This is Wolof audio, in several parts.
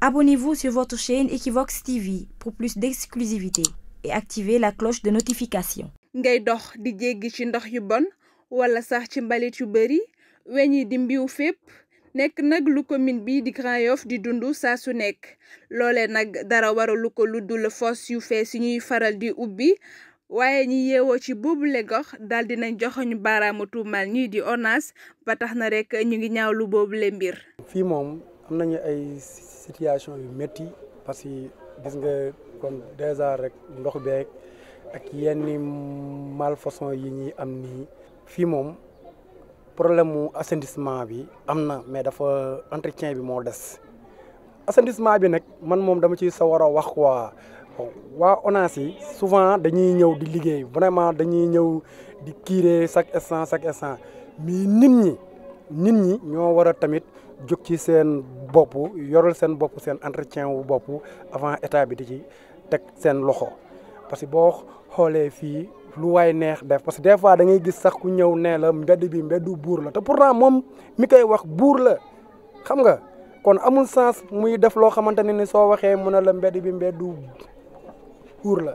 Abonnez-vous sur votre chaîne Equivox TV pour plus d'exclusivité et activez la ngay dox di jéggi ci ndox yu bon wala sax ci mbalit yu bari weñ yi di mbiw fépp nekk nag lu commune bi di Grand di dund saa su nekk loole nag dara waralu ko lu dul fosse yu fees yi ñuy faral di ubbi waaye ñi yeewoo ci boobule gox daal dinañ joxoñu baaraamu tuumaal ñii di ONAS ba tax na rek ñu ngi ñaawlu boobule mbir. fii moom am nañu ay situation yu métti parce que gis nga kon dèjà rek ndox beeg ak yenn façon yi ñuy am nii fii moom problème mu assainissement bi am na mais dafa entretien bi moo des assendissement bi nag man moom dama ci sawar a wax waa ONAS yi souvent dañuy ñëw di liggéey vraiment dañuy ñëw di kiire chaque instant chaque instant mais nit ñi nit ñi ñoo war a tamit jóg ci seen bopp yoral seen bopp seen entretien wu bopp avant état bi di ci teg seen loxo parce que boo xoolee fii lu waay neex def parce que des fois da ngay gis sax ku ñëw nee la mbedd bi mbeddu buur la te pourtant moom mi koy wax buur la xam nga kon amul sens muy def loo xamante ne ni soo waxee mun ne la mbedd bi mbeddu buur la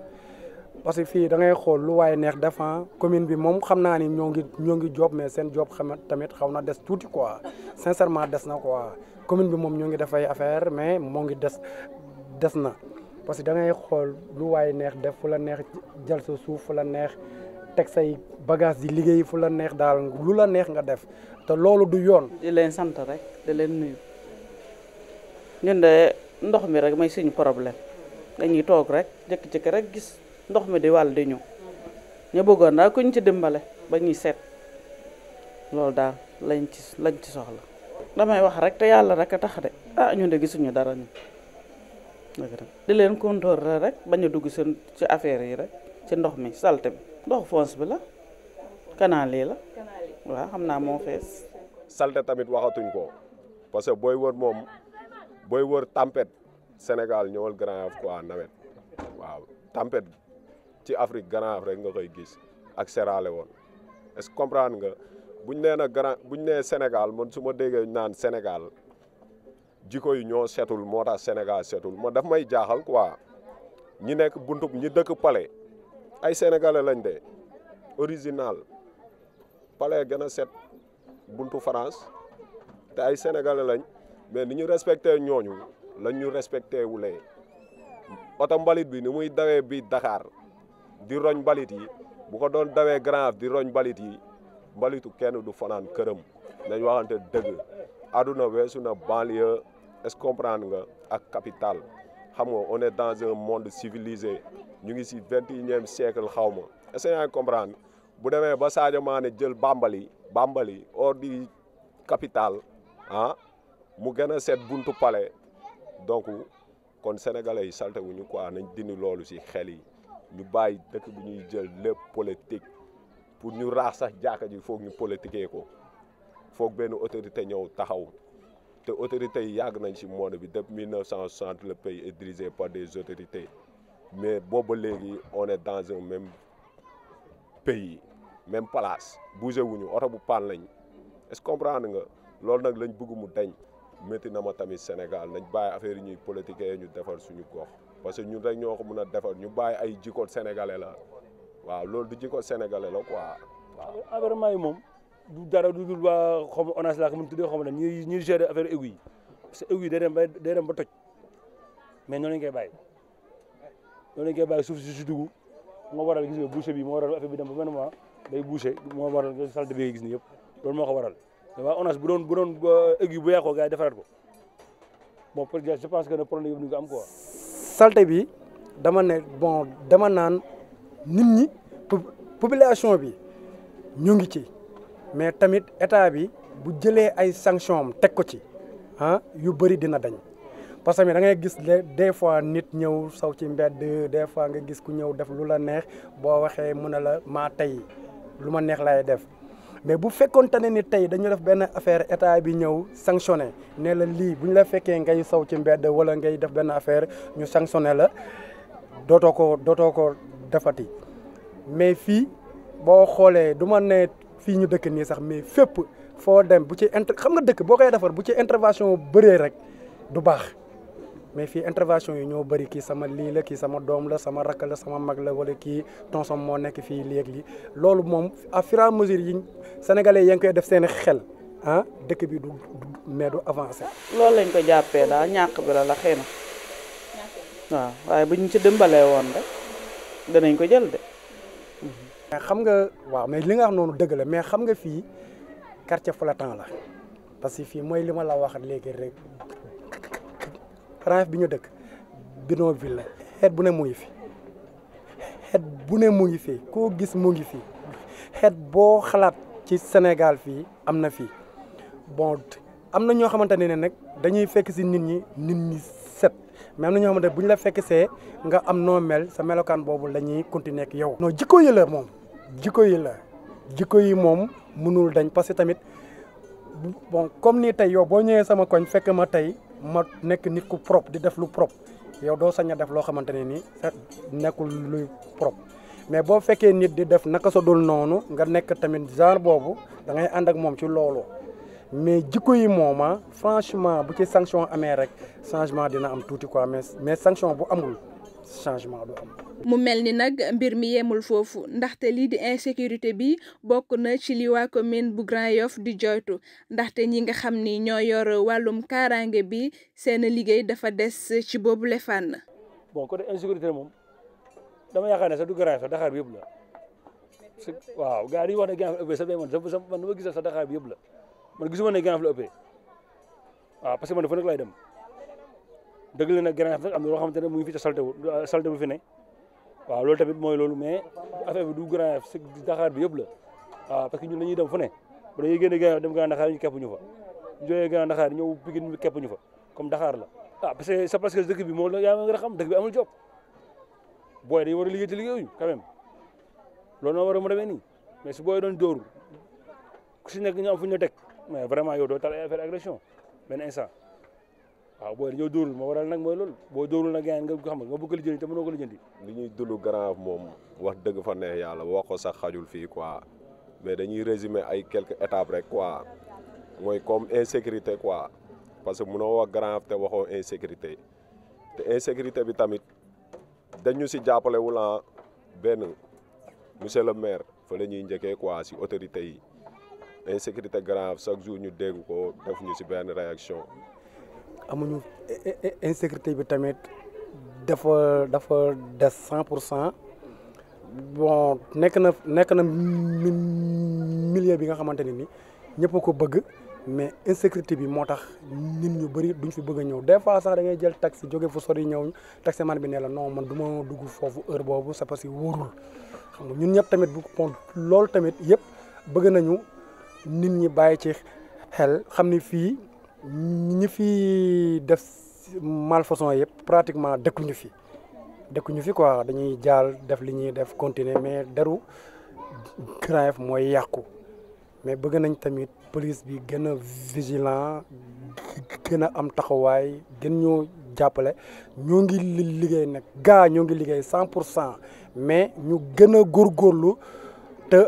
parce que fii da ngay xool lu waaye neex defan ah. commune bi moom xam naa ni ñoo ngi ñoo ngi job mais seen job xam tamit xaw na des tuuti quoi sincèrement des na quoi commune bi moom ñoo ngi def ay affaire mais moo ngi des des na parce que da ngay xool lu waaye neex def fu la neex jël sa suuf fu la neex teg say bagage di liggéey fu la neex daal lu la neex nga def te loolu du yoon. di leen sant rek di leen nuyu ñun de ndox mi rek may suñu problème dañuy toog rek jëkk rek ndox mi di wàll di ñëw ñu bëggoon daal kuñ ci dimbale ba ñuy seet loolu daal lañ ci lañ ci soxla damay wax rek te yàlla rek a tax de ah ñun de gisuñu dara ñu di leen kontóor la rek bañ a dugg seen ci affaire yi rek ci ndox mi salte bi ndox foos bi la canal yi la waaw xam naa moo fees salte tamit waxatuñ ko parce que booy wër moom booy wër tempête Sénégal ñëwal Grand Yoff quoi nawet waaw ci Afrique Grand Afrique nga koy gis ak Sierra woon est-ce que comprendre nga buñ nee na grand bu nee Sénégal man su ma déggee naan Sénégal jikko yi ñoo setul moo tax Sénégal setul moo daf may jaaxal quoi ñi nekk buntu ñi dëkk Palais ay sénégalais lañ de original pale gana set buntu France te ay sénégalais lañ mais ni ñu respecté ñooñu lañ ñu respecté wulee oto mbalit bi ni muy dawee bi dakaar di roñ mbalit yi bu ko doon dawee Grand Yoff di roñ mbalit yi mbalitu kenn du fanaan këram nañ waxante dëgg aduna weesu na banlieue est comprendre nga ak capital xam nga on est dans un monde civilisé ñu ngi si vingt et unième siècle xaw ma est comprendre bu demee ba Sadio maane jël bambali bambali hors du capitale ah mu gën a seet buntu pale donc kon sénégalais yi salte wuñu quoi nañ dindi loolu si xel yi ñu bàyyi dëkk bi ñuy jël lépp politique pour ñu raax sax jàkka ji foog ñu politiquer ko foog benn autorité ñëw taxaw te autorité yi yàgg nañ ci monde bi cent 1960 le pays est dirigé des autorités mais booba léegi on est dans un même pays même place bougé wuñu oto bu paan lañ est-ce comprendre nga loolu nag lañ bëgg mu dañ métti na ma tamit Sénégal nañ bàyyi affaire yi ñuy politiquer ñu defar suñu gox parce que ñun rek ñoo ko mën a defar ñu bàyyi ay jikko sénégalais la waaw loolu du jikko sénégalais la quoi waaw. affaire yi moom du dara du dul waa xaw ma ONAS laa ko mën tuddee xaw ma ne ñuy ñuy gérer affaire égout yi parce ba day dem ba toj mais noonu lañ koy bàyyi noonu lañ koy bàyyi suuf si si dugg moo waral gis bi moo waral affaire bi dem ba benn moment day moo waral nga salte bi gis ni yëpp loolu moo ko waral. waaw ONAS bu doon bu doon euh, aigu bu yàqoo gars yi defaraat ko bon pour je pense que ne problème yëpp ñu ko am quoi. salte bi dama ne bon dama naan nit ñi population bi ñu ngi ci mais tamit état bi bu jëlee ay sanctions am teg ko ci ah yu bëri dina dañ parce que da ngay gis des fois nit ñëw saw ci mbedd des fois nga gis ku ñëw def lu la neex boo waxee mu ne la maa tey lu ma neex laay def. mais bu fekkonte ne ni tey dañu def benn affaire état bi ñëw sanctionné ne la lii bu ñu la fekkee ngay saw ci mbedd wala ngay def benn affaire ñu sanctionné la dootoo ko dootoo ko defati mais fii boo xoolee du ma ne fii ñu dëkk nii sax mais fépp foo dem bu ci inter xam nga dëkk boo koy defar bu ci intervention bëree rek du baax. mais fii intervention yi ñoo bëri kii sama lii la kii sama doom la sama rakk la sama mag la wala kii tonsom moo nekk fii léeg lii loolu moom à fur et yi sénégalais yaa ngi koy def seen xel ah dëkk bi du mais du avancé. loolu lañ ko jàppee daal ñàkk bi la la xëy na waaw waaye ci dimbalee woon danañ ko jël de. mais xam nga waaw mais li nga xam noonu dëgg la mais xam nga fii quartier flottant la parce que fii mooy li ma la wax léegi rek. Raaf bi ñu dëkk Bignonville la xeet bu ne mu fi xeet bu ne mu ngi fi koo gis mu ngi fii xeet boo xalaat ci Sénégal fii am na fii bon am na ñoo xamante ne nag dañuy fekk si nit ñi nit ñi set mais am na ñoo xamante bu ñu la fekk see nga am noo mel sa melokaan boobu la ñuy continuer ak yow. non jikko yi la moom jikko yi la jikko yi moom mënul dañ parce que tamit bon comme nii tey yow boo ñëwee sama koñ fekk ma tey. ma nekk nit ku propre di def lu propre yow doo sañ a def loo xamante ne nii nekkul luy propre mais boo fekkee nit di def naka sa dul noonu nga nekk tamit genre boobu da ngay ànd ak moom ci loolu mais jikko yi mooma ah, franchement bu ci sanction amee rek changement dina am tuuti quoi mais mais sanction bu amul. changement du mu mel ni nag mbir mi yemul foofu ndaxte lii di insécurité bi bokk na ci li bu Grand Yoff di joytu ndaxte ñi nga xam ni ñoo yor wàllum kaaraange bi seen liggéey dafa des ci boobu le fànn. bon côté insécurité moom dama yaakaar ne sax du Grand Yoff sax Dakar bi yëpp la waaw yi wax ne Grand Yoff la ëppee sax man man dama la man gisuma ne Grand Yoff la ëppee waaw parce que man dafa nag lay dem. dëgg la nag Grand Yoff nag am na loo xamante ne mu ngi fi ca salte wu salte bu fi ne waaw loolu tamit mooy loolu mais affaire bi du Grand Yoff Dakar bi yëpp la waaw parce que ñun dañuy dem fu ne bu dañuy génne Grand Yoff dem Grand Dakar ñu képp ñu fa ñu jógee Grand Dakar ñëw Pikine ñu képp ñu fa comme Dakar la ah parce que c'est parce que dëkk bi moo la yaa nga xam dëkk bi amul job booy dañu war a liggéey te liggéeyuñu quand même loolu noo war a mu demee nii mais su booy doon dóoru ku si nekk ñu am fu ñu teg mais vraiment yow doo tal ay affaire agression benn instant waaw booy dañoo dóorul moo waral nag mooy loolu boo dóorul nag gars nga xam nga bëgg ko lijjanti te mënoo ko lijjanti li ñuy dund Grand moom wax dëgg fa neex yàlla wax ko sax xajul fii quoi mais dañuy résumer ay quelques étapes rek quoi mooy comme insécurité quoi parce que munoo wax Grand te waxoo insécurité te insécurité bi tamit dañu si jàppale wulan ah benn monsieur le maire fa la ñuy njëkkee quoi si autorité yi insécurité grave chaque jour ñu dégg ko def si benn réaction amuñu insécurité bi tamit dafa dafa des cent pour cent bon nekk na nekk na milieu bi nga xamante ne ni ñëpp a ko bëgg mais insécurité bi moo tax nit ñu bëri duñ fi bëgg ñëw des fois sax da ngay jël taxi jóge fu sori ñëw taxi man bi ne la non man du ma dugg foofu heure boobu c'est parce que wóorul xam nga ñun ñëpp tamit bu bon loolu tamit yëpp bëgg nañu nit ñi bàyyi ci xel xam ni fii. ñi fi def façon yëpp pratiquement dëkkuñu fi dëkkuñu fi quoi dañuy jaal def li ñuy def continuer mais deru Grand Yoff mooy yàqu mais bëgg nañ tamit police bi gën a vigilant gën a am taxawaay gën ñoo jàppale ñoo ngi liggéey nag gaa ñoo ngi liggéey cent pour cent mais ñu gën a góorlu te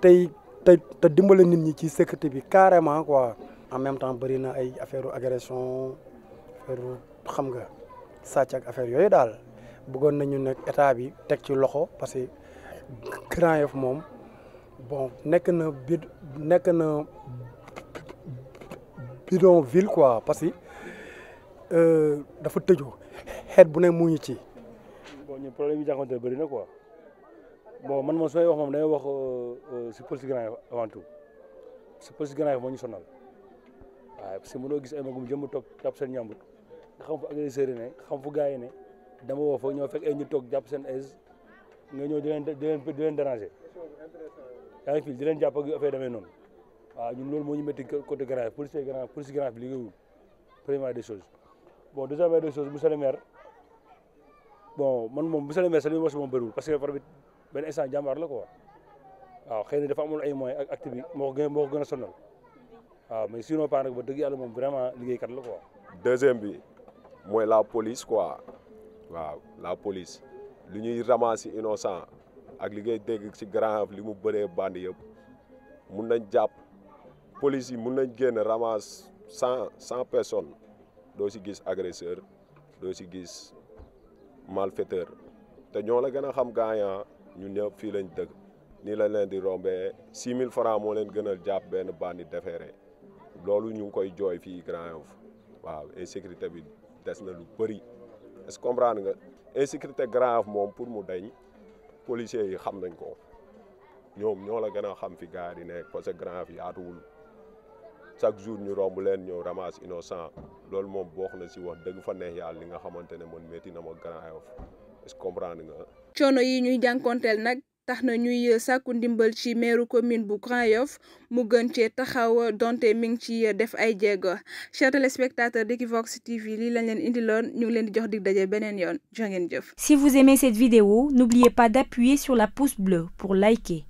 tey te te dimbale nit ñi ci sécurité bi carrément quoi en même temps bëri na ay affaire agression affaire xam nga sàcc ak affaire yooyu daal bëggoon nañu nag état bi teg ci loxo parce que Grand Yoff moom bon nekk na bid nekk na bidonville quoi parce que euh, dafa tëju xeet bu ne mu ngi ci. boo ñu problème yi jànkuwante bëri na quoi bon man moom su may wax moom damay wax euh, euh, si police Grand Yoff avant ñu sonal. waaye parce que mënoo gis ay magum jëmm toog jàpp seen ñàmbur nga xam fu agresseur ne xam fu gars yi ne dama woo fa ñoo fekk ay ñu toog jàpp seen aise nga ñëw di leen di leen leen déranger yaa ngi fi di leen jàpp ak yu affaire demee noonu waaw ñun loolu moo ñu métti côté grand police grand police grand bi liggéeyul première des choses bon deuxième des choses monsieur le maire bon man moom monsieur le maire sax li ma wax parce que par bi benn instant jàmbaar la quoi waaw xëy na dafa amul ay moyens ak acte moo ko gën gën a sonal waaw mais sinon pas nag ba dëgg yàlla moom vraiment liggéeykat la quoi. deuxième bi mooy la police quoi waaw la police lu ñuy ramasser innocent ak liggéey ngay dégg ci Grand li mu bëree bandi yëpp mun nañ jàpp police mun nañ génn ramasse cent cent personnes doo si gis agresseur doo si gis malfaiteur te ñoo la gën a xam gaañaa ñun ñëpp fii lañ dëgg nii la leen di rombee six mille francs moo leen gënal jàpp benn bandi defeere loolu ñu ngi koy jooy fii Grand Yoff waaw insécurité bi des na lu bëri est-ce nga insécurité Grand Yoff moom pour mu dañ policiers yi xam nañ ko ñoom ñoo la gën a xam fi gars yi nekk parce Grand Yoff yaatuwul chaque jour ñu romb leen ñëw ramasse innocent loolu moom bokk na si wax dëgg fa neex yàlla li nga xamante ne man métti na ma Grand Yoff est-ce nga. coono yi ñuy jànkonteel nag tax na ñuy euh, sàkku ndimbal ci meeru commune bu Grand Yoff mu gën cee taxaw donte mi ngi ci euh, def ay jéego chers téléspectateurs d'Equivox TV lii lañ leen indiloon ñu ngi leen di jox dig daje beneen yoon jo ngeen jëf. Si vous aimez cette vidéo n'oubliez pas d'appuyer sur la pouce bleue pour liker.